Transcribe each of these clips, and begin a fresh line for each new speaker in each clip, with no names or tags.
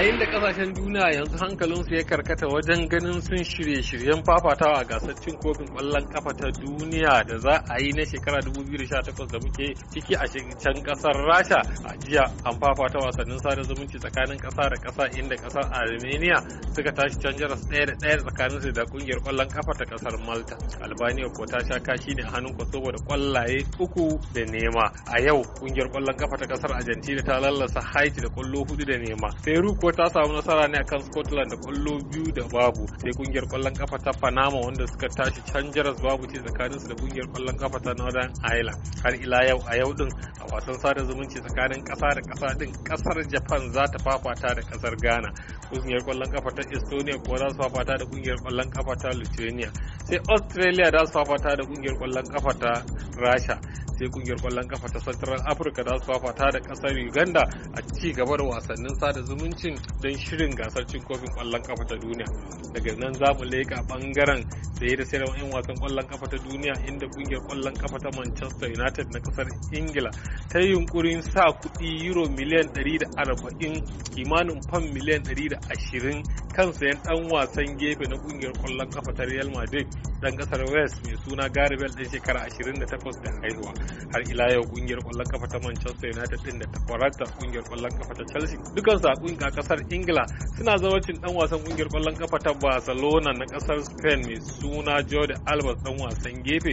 yayin da kasashen duniya yanzu hankalinsu ya karkata wajen ganin sun shirye-shiryen fafatawa a gasar cin kofin kwallon kafa ta duniya da za a yi na shekara 2018 da muke ciki a can kasar rasha a jiya an fafata wasannin sada zumunci tsakanin kasa da kasa inda kasar armenia suka tashi can jaras ɗaya da ɗaya tsakanin su da kungiyar kwallon kafa ta kasar malta albania ko ta sha kashi ne a hannun kosovo da ƙwallaye uku da nema a yau kungiyar kwallon kafa ta kasar argentina ta lallasa haiti da ƙwallo hudu da nema peru ko kuma ta samu nasara ne akan Scotland da kwallo biyu da babu sai kungiyar kwallon kafa ta Panama wanda suka tashi can jaras babu ce tsakanin su da kungiyar kwallon kafa ta Northern Ireland har ila yau a yau din a wasan sada zumunci tsakanin kasa da kasa din kasar Japan za ta fafata da kasar Ghana kungiyar kwallon kafa ta Estonia kuwa za su fafata da kungiyar kwallon kafa ta Lithuania sai Australia za su fafata da kungiyar kwallon kafa ta Rasha sai kungiyar kwallon kafa ta central africa za su fafata da kasar uganda a ci gaba da wasannin sada zumuncin don shirin gasar cin kofin kwallon kafa ta duniya daga nan za mu leka bangaren saye da sayarwa 'yan wasan kwallon kafa ta duniya inda kungiyar kwallon kafa ta manchester united na kasar ingila ta yi yunkurin sa kudi euro miliyan 140 kimanin fam miliyan 120 kan sayan dan wasan gefe na kungiyar kwallon kafa ta real madrid dan kasar west mai suna garibel ɗin dan shekara 28 da haihuwa har ila yau kungiyar kwallon kafa ta manchester united din da ta kwararta kungiyar kwallon kafa ta chelsea su a kungiyar kasar ingila suna zawacin dan wasan kungiyar kwallon kafa ta barcelona na kasar spain mai suna jordi albert dan wasan gefe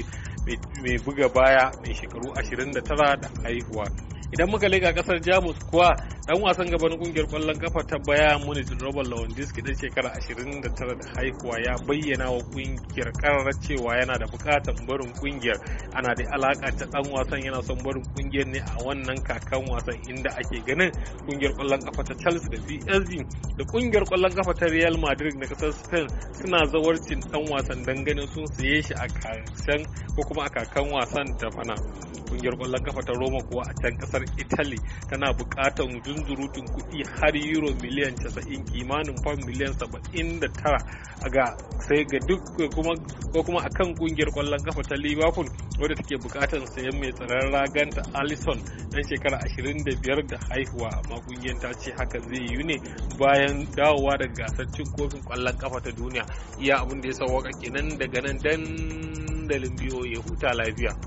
mai buga baya mai shekaru 29 da haihuwa idan muka lega kasar jamus kuwa dan wasan gaban kungiyar kwallon kafa ta baya muni robert lewandowski dan shekara 29 da haihuwa ya bayyana wa kungiyar karar cewa yana da bukatan barin kungiyar ana da alaka ta dan wasan yana son barin kungiyar ne a wannan kakan wasan inda ake ganin kungiyar kwallon kafa ta chelsea da psg da kungiyar kwallon kafa ta real madrid na kasar spain suna zawarcin dan wasan dan ganin sun saye shi a karshen ko kuma a kakan wasan ta fana kungiyar kwallon kafa ta roma kuwa a can kasar italy tana bukatan zunzurutun kuɗi har euro miliyan 90 kimanin pound miliyan 79 ga sai ga duk ko kuma akan kungiyar kwallon kafa ta liverpool wadda take bukatar sayan mai tsaron raganta alison dan shekara 25 da haihuwa amma kungiyar ta ce haka zai yi ne bayan dawowa daga gasar cin kofin kwallon kafa ta duniya iya abin da ya sauwaka kenan daga nan dandalin biyo ya huta lafiya